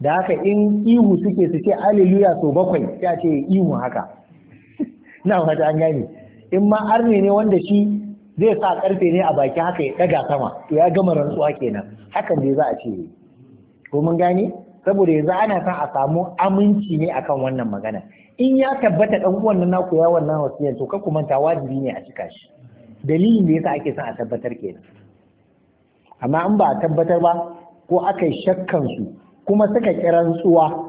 da haka in ihu suke su ce aleluya so bakwai sai a ce ihu haka na wata an gane in ma arne ne wanda shi zai sa karfe ne a baki haka ya daga sama ya gama rantsuwa kenan hakan ne za a ce ko mun gane saboda yanzu ana son a samu aminci ne akan wannan magana in ya tabbata dan uwan nan naku ya wannan wasiyar to ku manta wajibi ne a cika shi dalilin da yasa ake son a tabbatar kenan amma in ba a tabbatar ba ko aka yi shakkan su kuma suka kiran tsuwa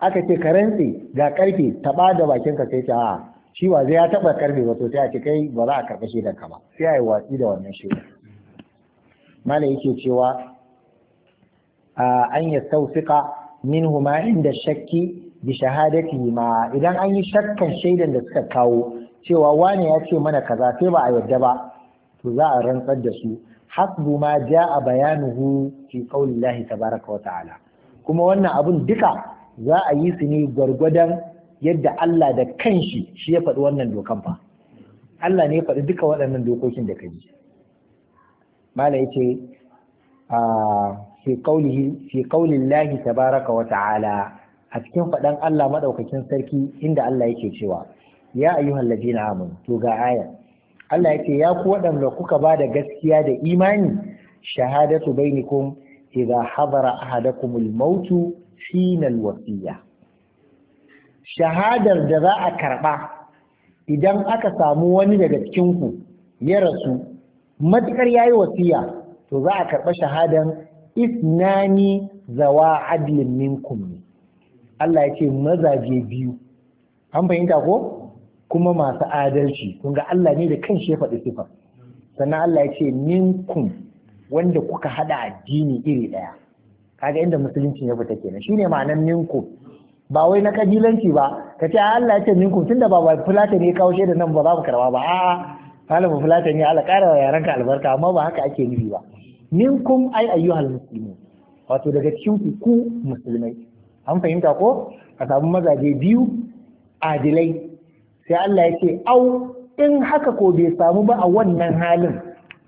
aka ce ka rantse ga karfe taba da bakin ka sai ta a shi wa zai ya taba karfe ba to sai a ce kai ba za a karɓi shaidar ka ba sai a yi watsi da wannan shaida malai yake cewa an ya sauƙiƙa min huma inda shakki bi shahadati ma idan an yi shakkan shaidan da suka kawo cewa wane ya ce mana kaza sai ba a yadda ba to za a rantsar da su hasbu ma jaa bayanuhu fi qaulillahi tabaraka wa ta'ala kuma wannan abun duka za a yi su ne gwargwadon yadda Allah da kanshi shi ya faɗi wannan dokan fa Allah ne ya faɗi duka waɗannan dokokin da ka bi mala yace fi qaulihi Lahi ta tabaraka wa ta'ala a cikin faɗan Allah maɗaukakin sarki inda Allah yake cewa ya ayi hallaji na amin, to ga aya Allah yake ya ku waɗanda kuka ba da gaskiya da imani shahadatu bainakum idza hadara ahadakumul mautu sinal wasiya. shahadar da za a karɓa idan aka samu wani daga ku ya rasu matuƙar ya yi wasiya to za a karɓa shahadan isnani zawa adlin minkum ne Allah ya ce mazaje biyu an fahimta ko kuma masu adalci kun ga Allah ne da kan shefa da sifa sannan Allah ya ce minkum wanda kuka haɗa addini iri ɗaya kaga inda musulunci ya fita kenan shine ma'anar minkum ba wai na kabilanci ba ka ce Allah ya ce minkum tunda ba ba fulata ne kawo da nan ba za mu karba ba a'a malamin fulatan ya ƙara wa yaranka albarka amma ba haka ake nufi ba kun ai ayyuhal muslimu wato daga cikin ku ku musulmai an fahimta ko a samu mazaje biyu adilai sai Allah ya ce au in haka ko bai samu ba a wannan halin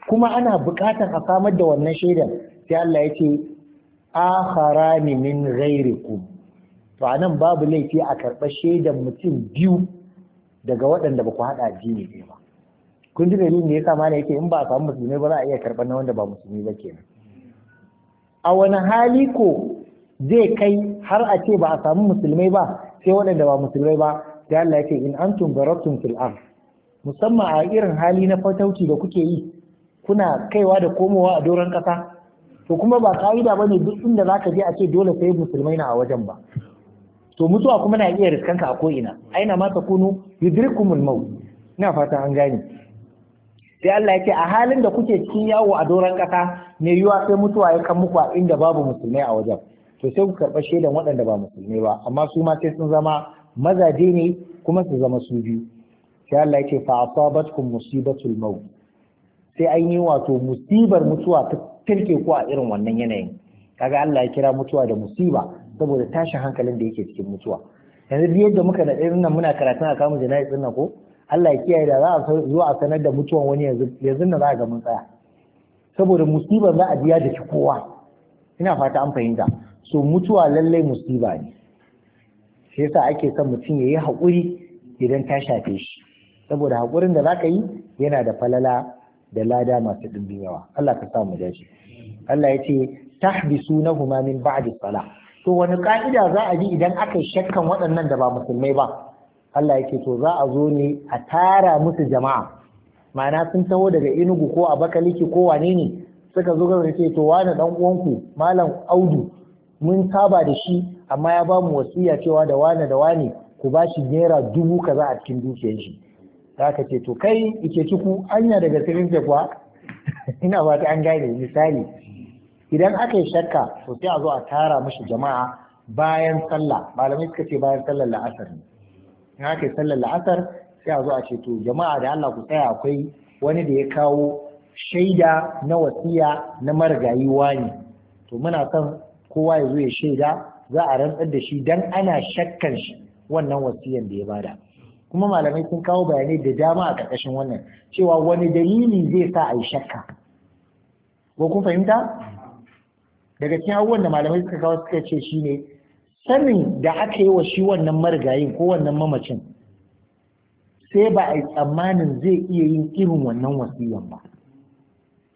kuma ana buƙatar a samar da wannan shaidan sai Allah ya ce akharani min ghairikum to anan babu laifi a karɓar shaidan mutum biyu daga waɗanda ba ku haɗa jini ne ba kun ji dalilin da ya sa ne yake in ba a samu musulmi ba za a iya karɓar na wanda ba musulmi ba kenan a wani hali ko zai kai har a ce ba a samu musulmai ba sai waɗanda ba musulmai ba da Allah yake in antum barabtum fil ard musamman a irin hali na fatauci da kuke yi kuna kaiwa da komowa a doron ƙasa to kuma ba ka'ida ba ne duk inda zaka je a ce dole sai musulmai na a wajen ba to mutuwa kuma na iya riskanka a ko'ina aina ma takunu yudrikumul maut ina fatan an gane sai Allah yake a halin da kuke cikin yawo a doron ƙasa me yiwa sai mutuwa ya kan muku a inda babu musulmai a wajen to sai ku karɓa shaidan waɗanda ba musulmai ba amma su ma sai sun zama mazaje ne kuma su zama su biyu sai Allah yake fa asabatkum musibatul maut sai an yi wato musibar mutuwa ta tirke ku a irin wannan yanayin kaga Allah ya kira mutuwa da musiba saboda tashin hankalin da yake cikin mutuwa yanzu yadda muka da irin nan muna karatun a kamun jana'i nan ko Allah ya kiyaye da za a zo a sanar da mutuwan wani yanzu yanzu na za a ga mun tsaya saboda musibar za a biya da kowa ina fata an fahimta so mutuwa lallai musiba ne shi yasa ake son mutum ya yi hakuri idan ta shafe shi saboda haƙurin da za ka yi yana da falala da lada masu ɗimbin yawa Allah ka mu dace Allah ya ce tahbisunahuma min ba'di salah to wani ka'ida za a bi idan aka shakkan waɗannan da ba musulmai ba Allah yake to za a zo ne a tara musu jama'a ma'ana sun taho daga Enugu ko Abakaliki ko wane ne suka zo ga ce to wani dan uwanku malam Audu mun saba da shi amma ya ba mu wasiya cewa da wane da wane ku ba shi naira dubu kaza a cikin dukiyar shi Za ka ce to kai ike ciku anya daga cikin kuwa ina ba ta an gane misali idan aka yi shakka to sai a zo a tara mishi jama'a bayan sallah malamai suka ce bayan sallar la'asar ne in aka yi sallar la'asar sai a zo a ce jama'a da Allah ku tsaya akwai wani da ya kawo shaida na wasiya na marigayi ne. to muna son kowa ya zo ya shaida za a rantsar da shi dan ana shakkan shi wannan wasiyan da ya bada kuma malamai sun kawo bayanai da dama a ƙarƙashin wannan cewa wani dalili zai sa a yi shakka ko kun fahimta daga cikin abubuwan da malamai suka kawo suka ce shine sanin da aka yi wa shi wannan marigayin ko wannan mamacin sai ba a yi tsammanin zai iya yin irin wannan wasiyan ba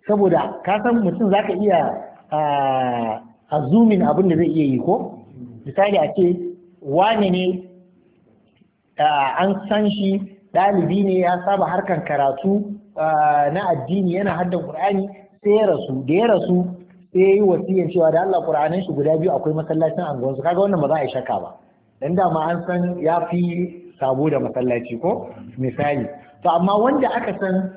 saboda ka san mutum za ka iya a zumin abin da zai iya yi ko misali a ce wane ne an san shi ɗalibi ne ya saba harkan karatu na addini yana haddan ƙur'ani sai ya rasu da ya rasu sai ya yi wasiyar cewa da Allah Kur'anin shi guda biyu akwai masallacin anguwan su kaga wannan ba za a yi shaka ba dan ma an san ya fi sabo da masallaci ko misali to amma wanda aka san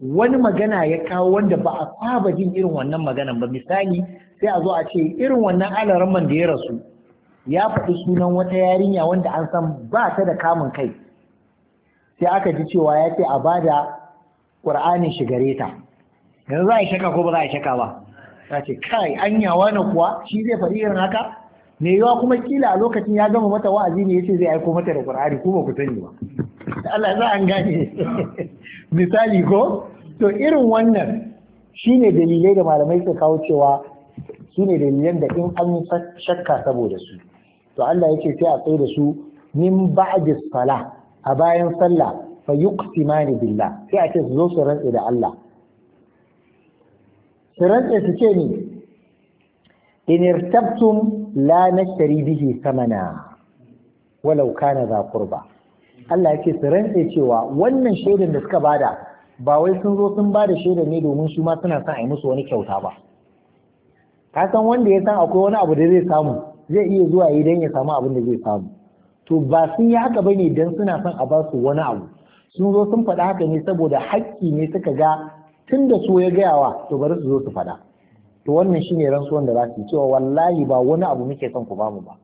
wani magana ya kawo wanda ba a saba jin irin wannan maganan ba misali sai a zo a ce irin wannan man da ya rasu ya faɗi sunan wata yarinya wanda an san ba ta da kamun kai sai aka ji cewa ya ce a bada ƙur'anin shi gare ta yanzu za a shaka ko ba za a shaka ba ta ce kai anyawa na kuwa shi zai faɗi irin haka me yawa kuma kila a lokacin ya gama mata wa'azi ne yace zai aiko mata da Qur'ani ko ba ku sani ba Allah za an gane misali ko to irin wannan shine dalilai da malamai suka kawo cewa shine dalilan da in an shakka saboda su to Allah ce sai a tsaye da su min ba'di a bayan sallah fa yuqsimani billah sai a ce su zo su rantsa da Allah su rantse su ce ni in irtabtum la nashtari bihi samana walau kana za kurba Allah yake su rantse cewa wannan shaidan da suka bada ba wai sun zo sun bada shaidan ne domin su ma suna son a yi musu wani kyauta ba ka san wanda ya san akwai wani abu da zai samu zai iya zuwa yi don ya samu abin da zai samu to ba sun yi haka bane don suna son a ba su wani abu sun zo sun faɗa haka ne saboda haƙƙi ne suka ga tun da so ya wa, to bari su zo su faɗa to wannan shine rantsuwan da za su yi cewa wallahi ba wani abu muke son ku bamu ba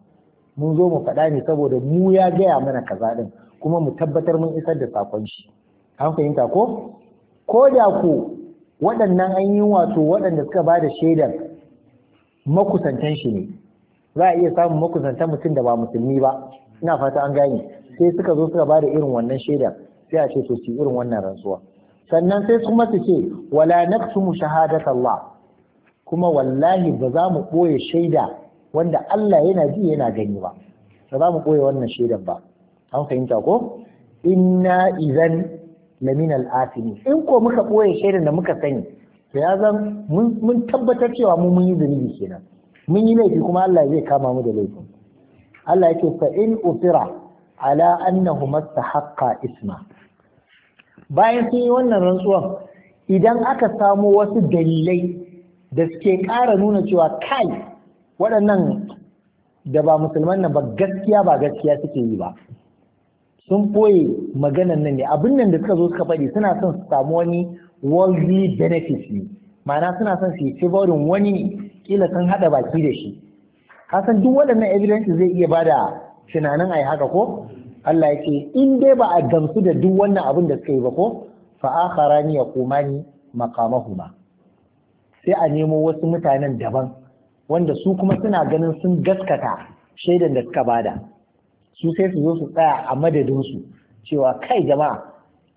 mun zo mu faɗa ne saboda mu ya gaya mana kaza din kuma mu tabbatar mun isar da sakon shi an fahimta ko ko da ku waɗannan an yi wato waɗanda suka ba da shaidar makusantan shi ne za a iya samun makusantan mutum da ba musulmi ba ina fata an gane sai suka zo suka ba da irin wannan shaidar sai a ce to su irin wannan rantsuwa sannan sai kuma su ce wala mu shahada Allah kuma wallahi ba za mu boye shaida wanda Allah yana ji yana gani ba ba za mu boye wannan shaidan ba an fahimta ko inna idan lamin al'afini in ko muka boye shaidan da muka sani to ya zan mun tabbatar cewa mu mun yi zunubi kenan mun yi laifi kuma Allah zai kama mu da laifin Allah yake fa in ufira ala annahu mastahaqqa isma bayan sun yi wannan rantsuwan idan aka samu wasu dalilai da suke ƙara nuna cewa kai waɗannan da ba musulman nan ba gaskiya ba gaskiya suke yi ba sun ɓoye maganan nan ne abin nan da suka zo suka faɗi suna son su samu wani worldly benefit ne ma'ana suna son su yi favorin wani kila sun haɗa baki da shi kasan duk waɗannan evidence zai iya bada tunanin a yi haka ko Allah ya ce in dai ba a gamsu da duk wannan abin da suka yi ba ko fa akharani yaqumani maqamahuma sai a nemo wasu mutanen daban wanda su kuma suna ganin sun gaskata shaidan da suka bada su sai su zo su tsaya a madadin su cewa kai jama'a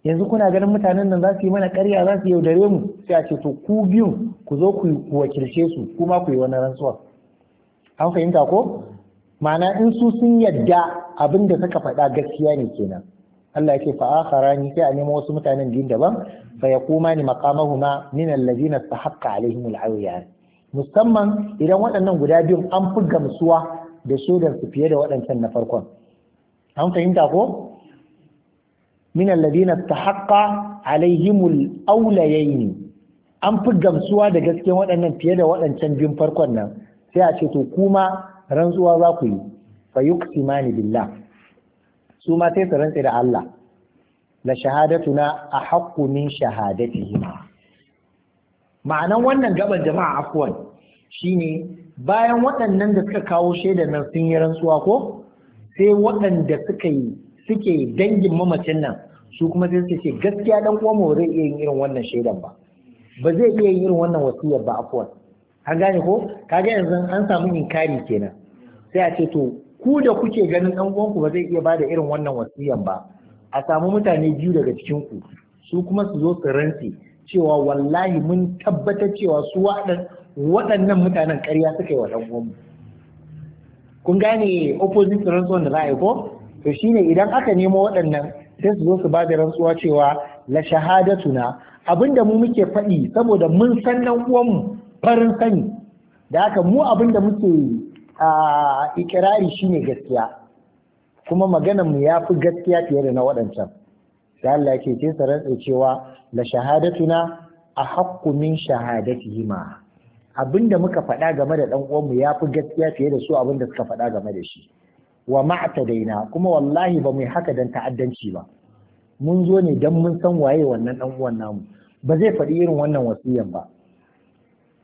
yanzu kuna ganin mutanen nan za su yi mana ƙarya za su yaudare mu sai a ce to ku biyun ku zo ku wakilce su kuma ku yi wani rantsuwa an fahimta ko ma'ana in su sun yadda abin da suka faɗa gaskiya ne kenan Allah yake fa akhara ni sai a nemo wasu mutanen din daban fa yaquma ni maqamahuma min alladhina tahaqqa alaihim al musamman idan waɗannan guda biyun an fi gamsuwa da shaidar su fiye da waɗancan na farkon an fahimta ko min alladhina tahaqqa alaihim al an fi gamsuwa da gaskiyar waɗannan fiye da waɗancan biyun farkon nan sai a ce to kuma rantsuwa za ku yi fa yuqsimani billah su ma sai su rantse da Allah na la shahadatuna ahaqqu min shahadatihima ma'anan wannan gaban jama'a afwan shine bayan waɗannan da suka kawo shaidar nan sun yi rantsuwa ko sai waɗanda suka yi suke dangin mamacin nan su kuma sai suke ce gaskiya dan uwan mu zai iya yin irin wannan shaidar ba ba zai iya yin irin wannan wasiyar ba afwan an gane ko kaga yanzu an samu inkari kenan sai a ce to ku da kuke ganin ɗan uwanku ba zai iya bada irin wannan wasiyan ba a samu mutane biyu daga cikin ku su kuma su zo su rantse cewa wallahi mun tabbatar cewa su waɗannan mutanen ƙarya suka yi wa ɗan uwanmu kun gane opposite rantsuwan da za a yi ko to shine idan aka nemo waɗannan sai su zo su ba da rantsuwa cewa la shahadatuna abinda mu muke faɗi saboda mun san ɗan uwanmu farin sani da haka mu abinda muke a ikirari ne gaskiya kuma maganarmu mu fi gaskiya fiye da na waɗancan da Allah yake ce sa rantsa cewa la shahadatuna haƙƙu min abin abinda muka faɗa game da ɗan uwanmu ya yafi gaskiya fiye da su abinda suka faɗa game da shi wa daina, kuma wallahi ba mu yi haka dan ta'addanci ba mun zo ne dan mun san waye wannan dan uwan namu ba zai faɗi irin wannan wasiyan ba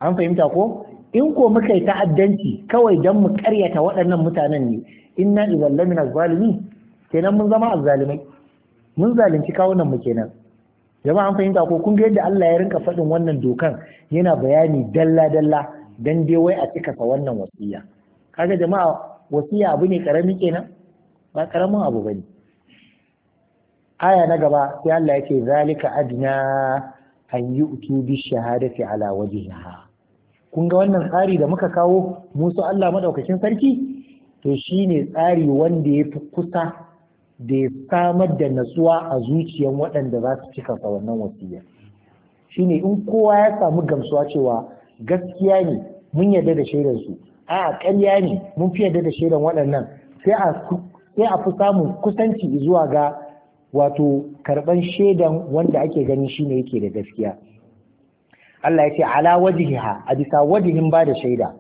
an fahimta ko in ko muka yi ta'addanci kawai don mu karyata waɗannan mutanen ne inna idan lamina zalimi kenan mun zama azzalimai mun zalunci kawunan mu kenan jama'a an fahimta ko kun ga yadda Allah ya rinka faɗin wannan dokan yana bayani dalla dalla dan dai wai a cika fa wannan wasiya kaga jama'a wasiya abu ne karami kenan ba karamin abu bane aya na gaba sai Allah yake zalika adna an yu'tu bi shahadati ala wajhiha kun ga wannan tsari da muka kawo musu Allah madaukakin sarki to shine tsari wanda ya fi kusa da ya samar da natsuwa a zuciyan waɗanda za su cika sa wannan wasiya shine in kowa ya samu gamsuwa cewa gaskiya ne mun yarda da shaidar su a ƙarya ne mun fi yarda da shaidan waɗannan sai a sai a fi samun kusanci zuwa ga wato karɓan shaidan wanda ake shi shine yake da gaskiya Allah ya ce ala wajihiha a bisa wajihin ba da shaida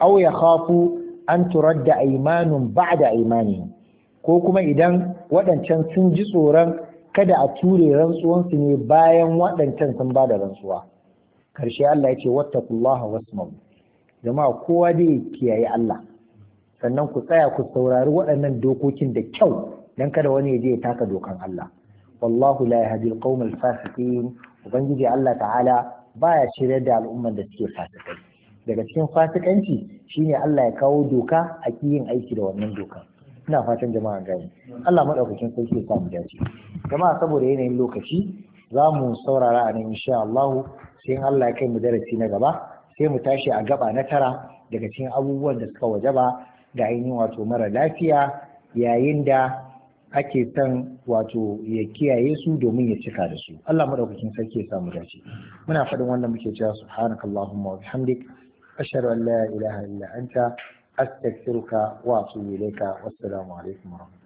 aw ya khafu an turadda aymanun ba'da aymanihim ko kuma idan waɗancan sun ji tsoron kada a ture rantsuwansu ne bayan waɗancan sun ba da rantsuwa karshe Allah ya ce wattaqullaha wasma'u jama'a kowa dai kiyaye Allah sannan ku tsaya ku saurari waɗannan dokokin da kyau dan kada wani ya je ya taka dokan Allah wallahu la yahdi al fasiqin ubangiji Allah ta'ala baya shiryar da al'umman da suke fasikai daga cikin fasikanci shine Allah ya kawo doka a yin aiki da wannan doka ina fatan jama'a gani Allah madaukakin sarki ya samu dace jama'a saboda yanayin lokaci za mu saurara a nan insha Allah sai Allah ya kai mu darasi na gaba sai mu tashi a gaba na tara daga cikin abubuwan da suka wajaba da ainihin wato mara lafiya yayin da ake san wato ya kiyaye su domin ya cika da su Allah madaukakin sarki ya samu dace muna faɗin wannan muke cewa subhanakallahumma wa bihamdik ashhadu an la ilaha illa anta astaghfiruka wa atubu ilayka wassalamu alaikum wa